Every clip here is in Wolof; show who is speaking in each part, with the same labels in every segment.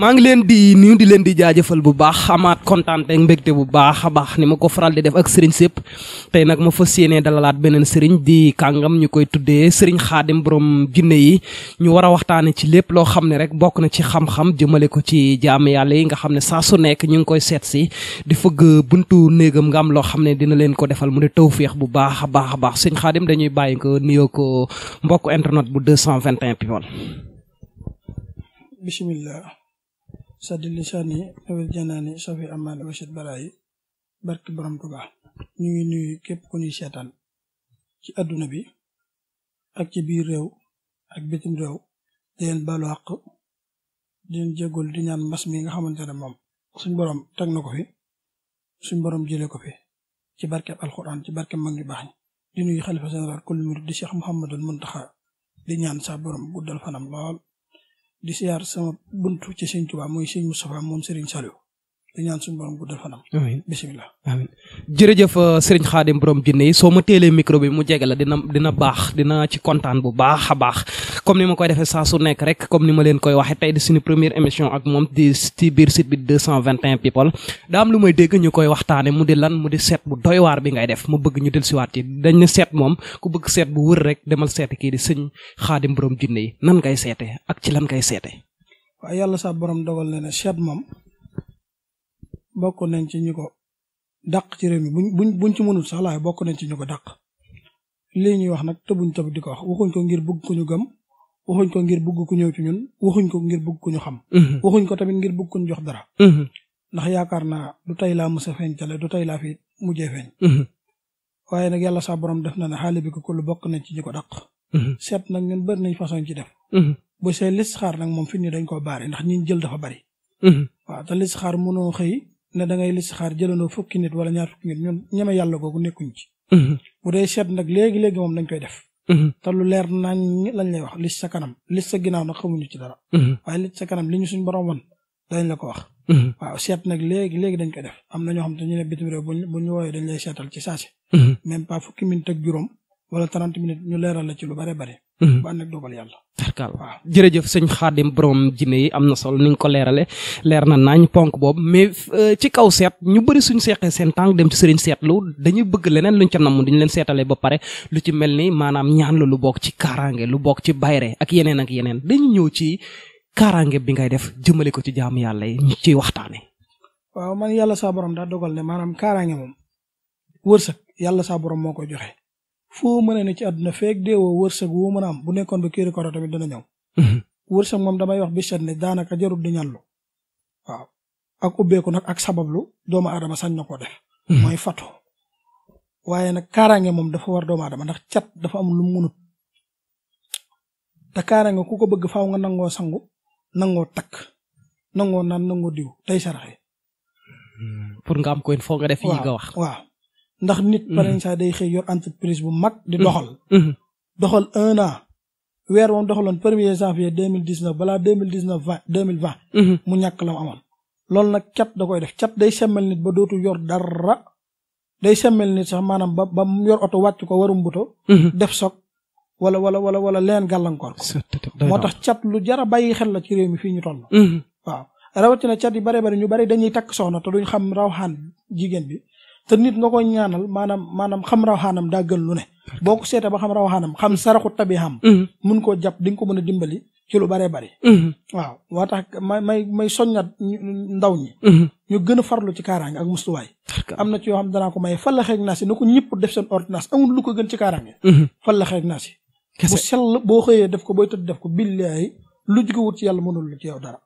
Speaker 1: maa ngi leen di nuyu di leen di jaajëfal bu baax amaat kontaan ak mbégte bu baax a baax ni ma ko faral di def ak sëriñ sépp tey nag ma fas yéene dalalaat beneen sëriñ di kàngam ñu koy tuddee sëriñ xaadim borom jinne yi ñu war a waxtaane ci lépp loo xam ne rek bokk na ci xam-xam jëmale ko ci jaamu yàlla yi nga xam ne saa su nekk ñu ngi koy seet si di fëgg buntu néegam nga am loo xam ne dina leen ko defal mu di tawféex bu baax a baax a baax sëriñ xaadim dañuy bàyyi ko nuyoo mbokk internet bu 221 people
Speaker 2: bismillah saddi lisaani nawir janaani safi amaani wasit baraayi barki borom Tuubaa ñu ngi nuyu képp ku ñuy seetaan ci àdduna bi ak ci biir réew ak bitim réew di leen baalu àq di leen jéggul di ñaan mbas mi nga xamante ne moom suñ borom teg na ko fi suñ borom jëlee ko fi ci barkeb alxuraan ci barkeb mag ñu baax ñi di nuyu xalifa général kulli murid di Cheikh Mouhamadul Muntaxa di ñaan sa boroom guddal fanam lool di siyaar sama buntu ci sëñ Tuubaa mooy sëñ Moustapha moom Serigne Saliou di ñaan suñu borom guddal fanam. amiin bisimilah.
Speaker 1: amiin jërëjëf euh, Serigne Khadim borom jinne yi soo ma teelee micro yi mu jege la dina dina baax dina ci kontaan bu baax a baax. rek comme ni ma koy defee saa su nekk rek comme ni ma leen koy waxee tey di suñu première émission ak moom di ci biir site bi people daa am lu may dégg ñu koy waxtaane mu di lan mu di seet bu doy waar bi ngay def mu bëgg ñu del siwaat ci dañ ne seet moom ku bëgg seet bu wër rek demal seete kii di sëñ xaadim borom jinne yi nan ngay seete ak ci lan ngay seete
Speaker 2: waaw yàlla sa boroom dogal na ne seet moom bokk nañ ci ñu ko dàq ci réew mi buñ buñ ci mënul sax laay nañ ci ñu ko dàq wax nag tëbuñ tëb ko wax waxuñ ko ngir bëgg ku ñëw ci ñun waxuñ ko ngir bëgg ku ñu xam. Mhm. waxuñ ko tamit ngir bëgg ku jox dara. Mhm. ndax yaakaar naa du tey laa mos a feeñ cale du tey laa fi mujjee feeñ. Mhm. waaye nag yàlla saa borom def na ne xaali bi ko ku lu bokk nañ ci ñi ko dàq. nag ñun bëri nañ façon ci def. bu see nag moom fi ñu dañ koo baare ndax ñi jël dafa bari. waaw te listixaar mënoo xëy ne da ngay listixaar jëlandoo fukki nit wala ñaar fukki nit ñun ñeme yàlla googu nekkuñ ci. bu dee seet nag léegi léegi moom dañ koy def. Mm-hmm. te lu leer nañ lañ lay wax li sa kanam li sa ginnaaw nag xamuñu ci dara. Mm-hmm. waaye li sa kanam li ñu suñ borom wan dañ la ko wax. Mm-hmm. waaw seet nag léegi léegi dañ ko def am na ñoo xam te ñu ne bitim réew bu ñu bu ñu wooyee dañ lay seetal ci saasi. même pas fukki minute ak juróom wala trente minutes ñu leeral la ci lu bare bare. Mhm. ba ànd ak dogal yàlla.
Speaker 1: tarkaal jërëjëf sëñ Xaadim borom jinne yi am na solo ni ko leerale leer na nañ ponk boobu mais euh, ci kaw seet ñu bari suñ seexee seen tànk dem ci sëriñ seetlu dañuy bëgg leneen luñ ca namm dañu leen seetalee ba pare lu ci mel ni maanaam ñaan la lu bokk ci kaaraange lu bokk ci bayre ak yeneen ak yeneen dañu ñëw ci kaaraange bi ngay def jëmale ko ci jaamu yàlla yi ñu ciy waxtaanee.
Speaker 2: waaw man yàlla saa borom daa dogal ne maanaam kaaraange moom wërsëg yàlla saa borom moo ko joxe foo mën a ci àdduna feek deewoo wërsëg woo mën a am bu nekkoon ba kéeri koro tamit dana ñëw mhm. wërsëg moom damay wax biset ne daanaka jarul di ñàllu waaw ak ubbeeku nag ak sabablu doomu aadama sañ na ko def mhm. mooy fatu waaye nag kaaraange moom dafa war doomu aadama ndax cat dafa am lu munut te kaaraange ku ko bëgg faaw nga nangoo sangu nangoo takk nangoo naan nangoo diw tey saraxe
Speaker 1: mhm. pour nga am foo nga def yi nga wax
Speaker 2: ndax nit paren mhm. saa day xëy yor entreprise bu mag di mhm. doxal mhm. doxal un na weer moom doxaloon premier janvier deux mille dix balaa deux mille dix neuf vingt mu ñàkk la mu amoon loolu na cat da koy def cat day semmel nit ba dootul yor dara day semmel nit sax maanaam ba ba mu yor oto wàcc ko warum buto def soog wala wala wala wala leen gàllankoor ko moo tax cat lu jara bàyyi xel la ci réew mi fii ñu toll waaw rawatina cat yi bare bari ñu bari dañuy takk soxna te duñ xam rawxaan jigéen bi te nit nga ko ñaanal maanaam maanaam xam raw xaanam daa gën lu ne boo ko seetee ba xam raw xaanam xam saraxu tabi xam mm-hmm. mun koo jàpp di nga ko mën a dimbali ci lu baree bari mm-hmm. waaw moo tax may may may soññat ndaw ñi mm-hmm. ñu gën a lu ci kaaraange ak mustuwaay am na ci yoo xam danaa ko may falla xeeg naa si na ko ñëpp def seen ordonnance amul lu ko gën ci kaaraange falla xeeg naa si bu sell boo xëyee def ko booy tëdd def ko billaahi lu jóge wut ci yàlla mënul lu ci yow dara.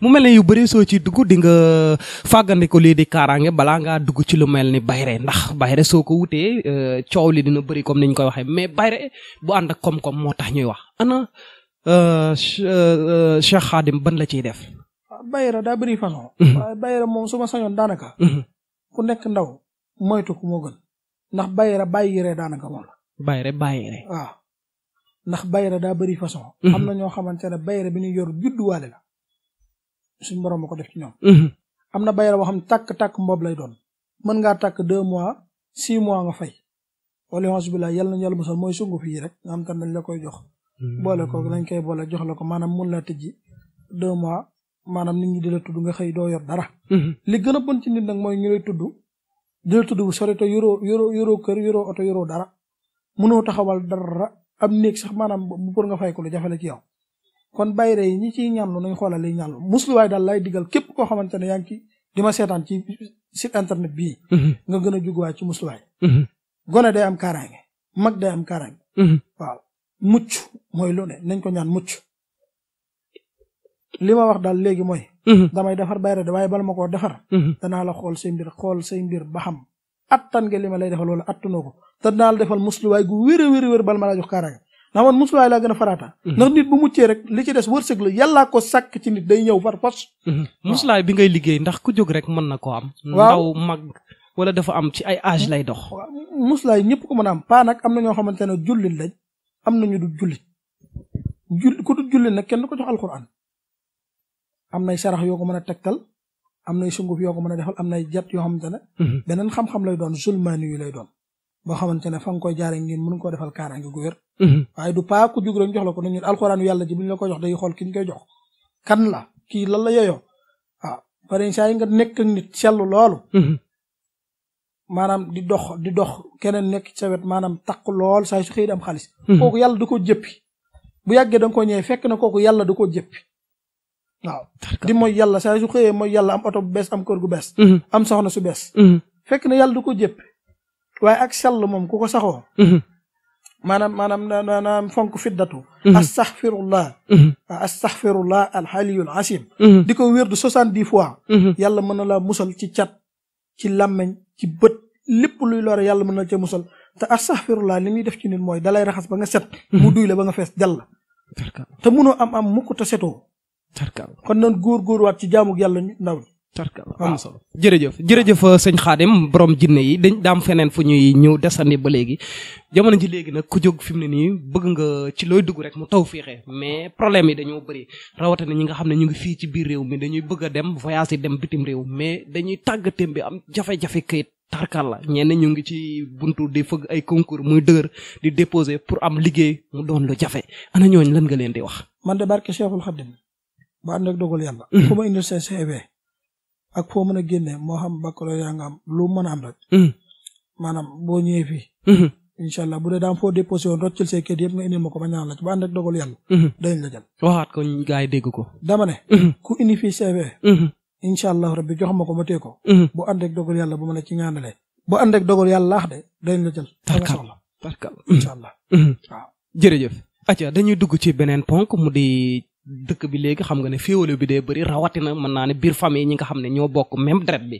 Speaker 1: mu mel ne yu bëri soo ci dugg di nga fàggandiku lii di kaaraange balaa ngaa dugg ci lu mel ni bayre ndax bayre soo ko wutee euh, coow li dina bëri comme ni ñu koy waxee mais bayre bu ànd ak koom-koom moo tax ñuy wax ana euh, euh, Cheikh Khadim ban la ciy def.
Speaker 2: Ah, bayra daa bëri façon. Mhm. waaye bayra moom su sañoon daanaka. Mhm. ku nekk ndaw moytu ku moo gën. ndax bayra bàyyire daanaka moom la.
Speaker 1: bayre bàyyire
Speaker 2: waaw. ndax bayra daa bëri façon. Mhm. am na ñoo xamante ne bayra bi ñu yor judduwaale la suñ borom ma ko def ci ñoom. Mhm. am na bayra boo xam takk tàkk mboob lay doon mën ngaa takk deux mois six mois nga fay wala yonsu bi laa yal nañu yàlla musal mooy sungu fii rek nga xam tam dañ la koy jox. Mhm. boole ko lañ koy boole jox la ko maanaam mun laa tëjji deux mois maanaam nit ñi di la tudd nga xëy doo yor dara. li gën a bon nag mooy ñu lay tudd di la tudd bu sori te yoro yoroo kër yoroo oto yoroo dara mënoo taxawal dara. am néeg sax maanaam pour nga fay ko lu jafe la ci yow kon bayre yi ñi ciy ñaanlu nañ xoolal li ñaanlu musluwaay daal lay digal képp koo xamante ne yaa ngi di ma seetaan ci site internet bii mhm. nga gën a juguwaay ci musluwaay mhm. gone day am kaaraange mag day am kaaraange mhm. mucc mooy lu ne nañ ko ñaan mucc li ma wax daal léegi mooy damay defar bayre da waaye bala ma koo defar danaa la xool say mbir xool say mbir ba attan nga li ma lay defal wala attanoo ko te dinaa la defal musluwaay gu wér a wér a ma laa jox kaaraange ndax man musluwaay laa gën a farata mhm. ndax nit bu muccee rek li ci des wërsëg la yàllaa ko sàkk ci nit day ñëw far fos
Speaker 1: mhm. musluwaay bi ngay liggéey ndax ku jóg rek mën na koo am ndaw mag wala dafa am ci ay âge lay dox
Speaker 2: musluwaay ñëpp ko mën a am paa nag am na ñoo xamante ne jullit lañ am nañu du jullit jul ku du jullit nag kenn du ko jox alxuraan am nay sarax yoo ko mën a tegtal am nay sunguf yoo ko mën a defal am nay jat yoo xamante ne mhm. beneen xam-xam lay doon zulmaani yu lay doon boo xamante ne fa koy jaare ngeen mën koo defal kaaraange gu wér mhm. waaye du paa ku jug la ko nañu alxuraanu ki ñu koy jox kan la kii lan la yeyoo waaw ah, pare saa yi nga nekk nit sellu loolu mhm. maanaam di dox di dox keneen nekk sa wet maanaam takk lool saa su xëy xaalis kooku yàlla du ko jëppi bu yàggee da nga ko ñëwee fekk na kooku yàlla du ko jëppi waaw di mooy yàlla saa su xëyee mooy yàlla am oto bu bees am kër gu bees mhm. am soxna su bees mhm. fekk na yàlla du ko jëpp waaye ak sell moom ku ko saxoo mhm. maanaam maanaam maanaam fonk fiddatu astaxfirullah waaw astaxfirullah alxaliyul asim di ko wér di soixante-dix fois yàlla mën na laa musal ci cat ci làmmeñ ci bët lépp luy lore yàlla mën na ca musal te astaxfirullah li muy def ci nit mooy dalay raxas ba nga set mu duy la ba nga fees jàll te munoo am am mukk te setoo tarkal kon góor góorgóorluwaat ci jaamu yàlla ndaw ñi tarkal am ah,
Speaker 1: jërëjëf jërëjëf euh, sëñ Xaadim borom jinne yi dañ daam feneen fu ñuy ñëw desandi ba léegi jamono ji léegi nag ku jóg fi mu ne nii bëgg nga ci looy dugg rek mu taw fiixee mais problème yi dañoo bëri rawatina ñi nga xam ne ñu ngi fii ci biir réew mi dañuy bëgg a dem voyage yi dem bitim réew mais dañuy tàggatem bi am jafe-jafe kayit tarkal la ñenn ñu ngi ci buntu di fëgg ay concours muy dëgër di déposer pour am liggéey doon lu jafe ana ñooñ lan nga leen di wax
Speaker 2: man ba ànd ak dogal yàlla mm-hmm. ku a génne moo xam lu mën a am mm-hmm. maanaam boo ñëwee fii mm-hmm. incha bu dee daam foo déposé yëpp nga ma ko ma ñaan la ci ba ànd ak yàlla dañ la jël
Speaker 1: waxaat ko gars
Speaker 2: ko dama fii CV incha jox ma ko ma ko bu ànd ak dogal yàlla ci ñaanalee bu ànd ak dogal yàlla laax de dañ la jël danga soxla
Speaker 1: jërëjëf acca dañuy dugg ci beneen ponk mu di dëkk bi léegi xam nga ne féewale bi dee bëri rawatina mën naa ne biir famille ñi nga xam ne ñoo bokk même deret bi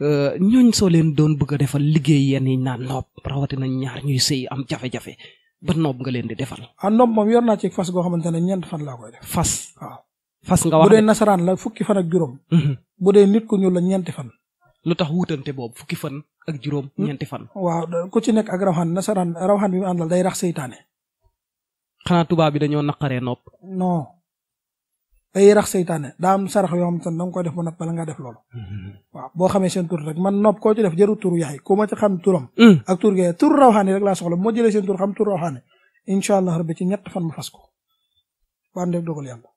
Speaker 1: euh, ñooñ soo leen doon bëgg a defal liggéey yenn yi naan noob rawatina ñaar ñuy sëy am jafe-jafe ba noob nga leen di defal.
Speaker 2: ah noob moom yor naa ci fas goo xamante ne ñeent fan laa koy def. fas nga wax bu dee la fukki fan ak juróom. Mhm. bu dee nit ku ñuul la ñeenti fan. lu tax wuutante boobu fukki fan ak juróom hmm? ñeenti fan. waaw ku ci nekk ak rawxaan nasaraan rawxaan bi mu àndal day rax seytaane.
Speaker 1: xanaa tubaab bi dañoo naqaree nopp.
Speaker 2: day rax seytaane daa am sarax yoo xam te ne da nga koy def ba nopp bala nga def loolu waaw boo xamee seen tur rek man nopp koo ci def jëru tur yaay ku ma ci xam turam mm. ak tur gee tur rawxaane rek laa soxla bu ma jëlee seen tur xam tur rawxaane incha allah rabbi ci ñett fan ma fas ko bu ànd dogal yàlla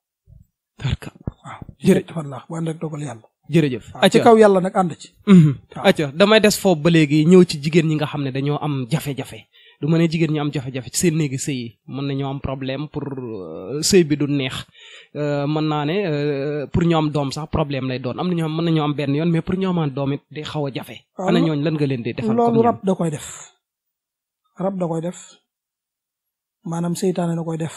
Speaker 2: waaw laa bu ànd rek yàlla jërëjëf ci kaw yàlla nag ànd ci
Speaker 1: mm-hmm. acca damay des foofu ba léegi ñëw ci jigéen ñi nga xam ne dañoo am jafe-jafe du ma jigéen ñi am jafe-jafe seen néegi sëy yi mën nañoo am problème pour euh, sëy bi du neex euh, mën naa ne euh, pour ñoom doom sax problème lay doon am na ñoo xam mën nañoo am benn yoon mais pour ñu amaan doom it xaw a jafe. ana ñooñ lan nga leen di defal loolu rab
Speaker 2: da koy def rab da koy def maanaam seytaane da koy def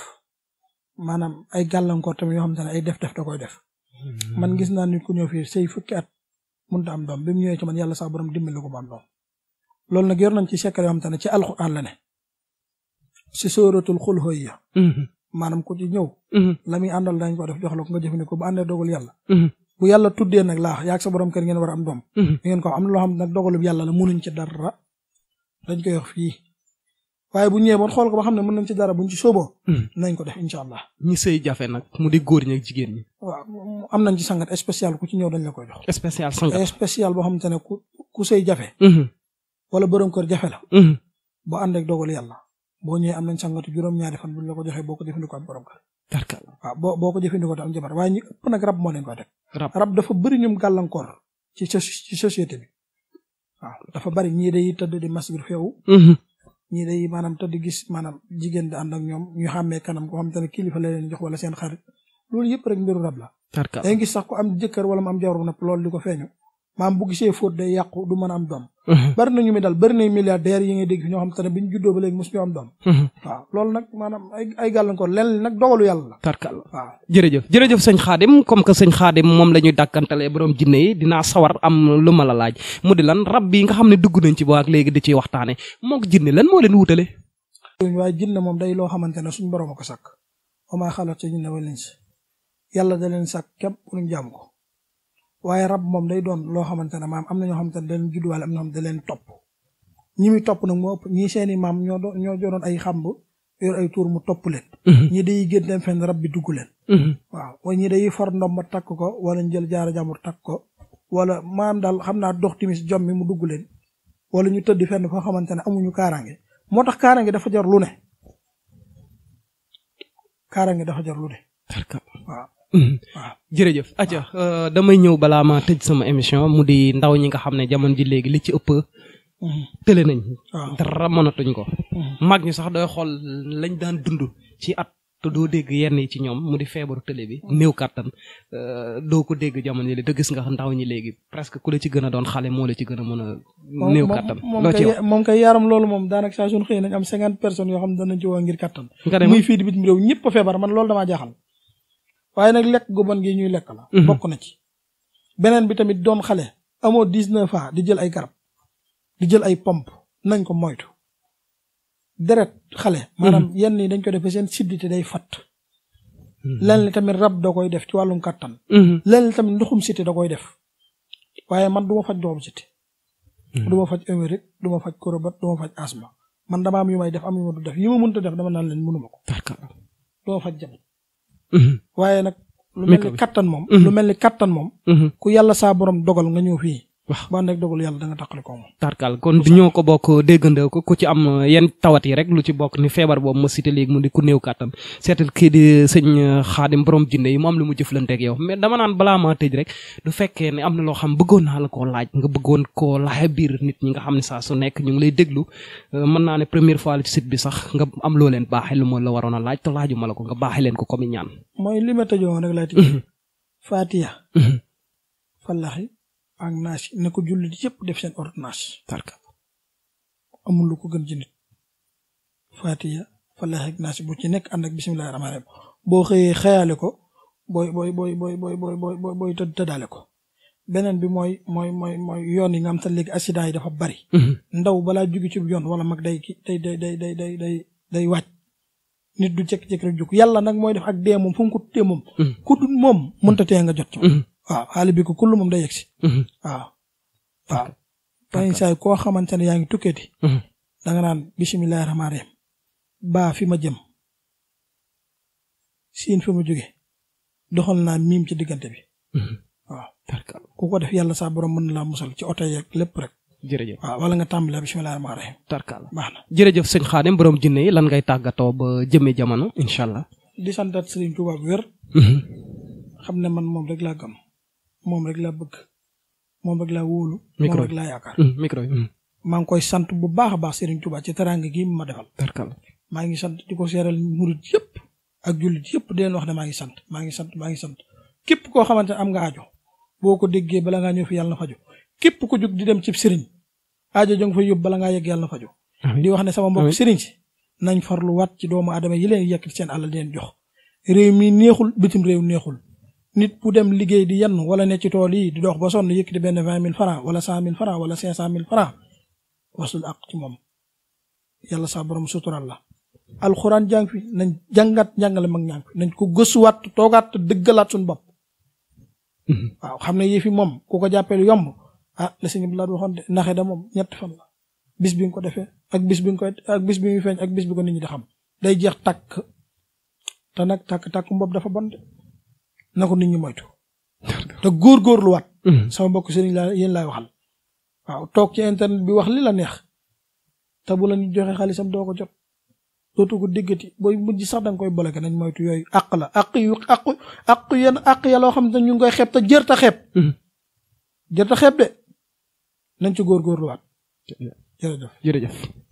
Speaker 2: maanaam ay gàllankoor tamit yoo xam ne ay def-def da koy def. Hmm. man gis naa nit ku ñëw fii sëy fukki at mënut a am doom bi mu ñëwee ci man yàlla sax borom ko ba am loolu nag yor nañ ci secret yoo xam te ne ci alxuraan la ne si sóoratul xul hoyya mhm. maanaam ku ci ñëw mhm. la muy àndal dañ ko def jox la ko nga jëfandikoo bu àndee dogal yàlla mhm. bu yàlla tuddee nag laax yaag sa borom kër ngeen war a am doom ngeen ko am na loo xam nag dogalub yàlla la munuñ ci dara dañ koy wax fii waaye bu ñëwee bon xool ko ba xam ne mën nañ ci dara buñ ci sóoboo nañ ko def incha allah
Speaker 1: ñi sëy jafe nag mu di góor ñu ak jigéen ñi
Speaker 2: waaw am nañ ci sangat spécial ku ci ñëw dañ la koy jox spécial sangat spécial boo xam te ne ku ku sëy jafe wala borom kër jafe la. Mm-hmm. boo ànd ak dogal yàlla boo ñëwee am nañ sangatu juróom-ñaari fan bu ñu la ko joxee boo ko jëfandikoo am borom kër. d'accord waaw boo boo ko am jabar waaye ñi ëpp nag rab moo leen koy rab dafa bëri ñum gàllankoor ci ci société bi waaw dafa bëri ñii day tëdd di mas bi feewu. Mm-hmm. ñii day maanaam tëdd gis maanaam jigéen di ànd ak ñoom ñu xàmmee kanam ko xam te ne leen jox wala seen xarit loolu yëpp rek mbiru rab la. d'accord day sax ko am jëkkër wala mu am jabar bu nopp loolu di ko feeñu maam bu gisee fóot day yàqu du mën a am doom bari nañu mi daal bari nay milliardaires yi ngay dégg fi ñoo xam te ne bi ñu juddoo ba léegi mos ñu am doom waaw loolu nag maanaam ay ay gàllankoor lenn nag dogalu yàlla la tarkal
Speaker 1: jërëjëf jërëjëf sëñ Xaadim comme que sëñ Xaadim moom lañuy ñuy dàkkantalee borom jinne yi dinaa sawar am lu ma la laaj mu di lan rab bi nga xam ne dugg nañ ci boo ak léegi di ciy waxtaane moo ko jinne lan moo leen wutale
Speaker 2: waaye jinne moom day loo xamante ne suñ borom a ko sàkk amaa xalaat sa jinne wal leen si yàlla da leen sàkk képp pour ko waaye rab moom day doon loo xamante ne maam am na ñoo xamante ne da leen judduwaale am na ñoo xamante topp ñi topp nag moo ëpp ñii seeni maam ñoo doon ñoo joroon ay xamb yor ay tuur mu topp leen mhm. ñi day génn dem fenn rab bi dugg leen mhm. waaw waaye ñi day for ndom ba takk ko wala ñu jël jaara jàmbur takk ko wala maam daal xam naa dox timis jom mu dugg leen wala ñu tëdd fenn foo xamante ne amuñu kaaraange moo tax kaaraange dafa jarlu lu ne kaaraange dafa jar lu ne
Speaker 1: waaw mm. jërëjëf aja ah. euh, damay ñëw balaa ma tëj sama émission mu di ndaw ñi nga xam ne jamono ji léegi li ci ëpp mm. tële nañ ah. dara mënatuñ ko mm. mag ñi sax dooy xool lañ daan dund ci at te doo dégg yenn yi ci ñoom mu di feebaru tële bi néew kàttan euh, doo ko dégg jamono ji te gis nga ndaw ñi léegi presque ku la ci gën a doon xale moo la ci gën a mën a néew kàttan loo
Speaker 2: moom kay yaram loolu moom daanaka saa suñu xëy nañ am cinquante personnes yoo xam ne danañ ngir waaye nag lekk gu bon gi ñuy lekk la mhm. bokk na ci beneen bi tamit doom xale amoo dix-neuf ans di jël ay garab di jël ay pompe nañ ko moytu deret xale mhm. maanaam yenn yi dañ ko defee seen siddi day fat mhm. lenn li rab da koy def ci wàllum kàttan lenn li ndoxum siti da koy def waaye man du ma faj ndoxum siti du ma faj du ma faj korobat du ma faj asma man dama am yu may def am yu ma du def yi ma mënta def dama naan leen mënuma ko du ma faj jabet Mm-hmm. waaye nag lu mel ni kattan moom mm-hmm. lu mel ni kattan moom mm-hmm. ku yàlla saa borom dogal nga ñëw fii wax ba ànd ak dogal yàlla da nga taqali
Speaker 1: ko ñoo ko bokk déggandoo ko ku ci am uh, yenn tawat yi rek lu ci bokk ni feebar boobu ma cité léegi mu di ku néew kàttan seetal kii di sëñ uh, xaadim borom jinne yi mu am lu mu jëflanteeg yow mais dama naan balaa maa tëj rek du fekkee ne am na loo xam bëggoon naa la koo laaj nga bëggoon ko laaj biir nit ñi nga xam ne la uh, ci site bi sax nga am loo leen baaxee lu ma la waroon a laaj te laaju ma la ko nga baaxee leen ko comme ñaan.
Speaker 2: mooy Fallaxi. ak naas yi na jullit yëpp def seen ordonnance tarka amul lu ko gën ci nit fatiya falaax ak naas bu ci nekk ànd ak bisimilah rahmaani rahim boo xëyee xëyale ko booy boy booy booy boy booy booy tëddaale ko beneen bi mooy mooy mooy mooy yoon yi nga xam te léegi accident yi dafa bari mhm. ndaw balaa jóge ci yoon wala mag day ki day day day day day day nit du jékki-jékki rek jóg yàlla nag mooy def ak dee moom fu mu ko moom mhm. ku moom mënta tee nga jot ci waaw xaali bi ko kull moom day yegg si. Mhm. waaw waaw. bàyyi saay koo xamante ne yaa ngi tukkeeti. Mhm. da nga naan bisimilah rahmaani rahiim baa fi ma jëm siin fi ma jóge doxal naa miim ci diggante bi. Mhm. waaw ku ko def yàlla saa borom mën na laa musal ci oto yeeg lépp rek. jërëjëf waaw wala nga tàmbalee bisimilah rahmaani rahiim. tarkaala baax
Speaker 1: na jërëjëf sëñ Xaadim borom jinne yi lan ngay tàggatoo ba jëmee jamono incha allah.
Speaker 2: di santaat Serigne Touba wér. xam ne man moom rek laa gëm. moom rek laa bëgg moom rek laa wóolu. micro laa yaakaar. Mm, micro mm. maa ngi koy sant bu baax a baax Serigne Touba ci teraanga gi ma defal. maa ngi sant di ko seeral murit yëpp ak jullit yëpp di leen wax ne maa ngi sant maa ngi sant maa ngi sant képp koo xamante ne am nga ajo boo ko déggee bala ngaa ñëw fi yàlla na faju képp ku jóg di dem ci sëriñ aajo jo nga yóbbu bala ngaa yegg yàlla na faju di wax ne sama mbokk sëriñ si nañ farluwaat ci doomu aadama yi leen yekk seen àll di leen jox réew mi neexul bitim réew neexul nit bu dem liggéey di yenn wala ne ci tool yi di dox ba sonn yëkkati benn vingt mille franc wala cent mille franc wala cinq cent mille franc wasul ak ci moom yàlla sa borom sutural la alxuraan jàng fi jàngat njàngale mag ñàng fi ko gëstuwaat toogaat dëggalaat suñu bopp waaw xam ne yii fi moom ku ko jàppee lu yomb ah la sëñ bi laa waxoon de naxe da moom ñetti fan la bis bi nga ko defee ak bis bi nga koy ak bis bi muy feeñ ak bis bi ko nit ñi di xam day jeex tàkk te nag tàkk tàkk mbopp dafa bon de na ko nit ñi moytu. te góor góorluwaat mm-hmm. sama bokk sëriñ laa yéen laay waxal. waaw toog ci internet bi wax lii la neex te bu la ñu joxe xaalisam doo ko jot dootu ko déggati booy mujj sax danga koy bloqué nañ moytu yooyu àq la àq yu àq àq yenn àq ya loo xam ne ñu ngi koy xeeb te jër ta xeeb. Mm-hmm. jër ta xeeb de nañ ci góorgóorluwaat. jërëjëf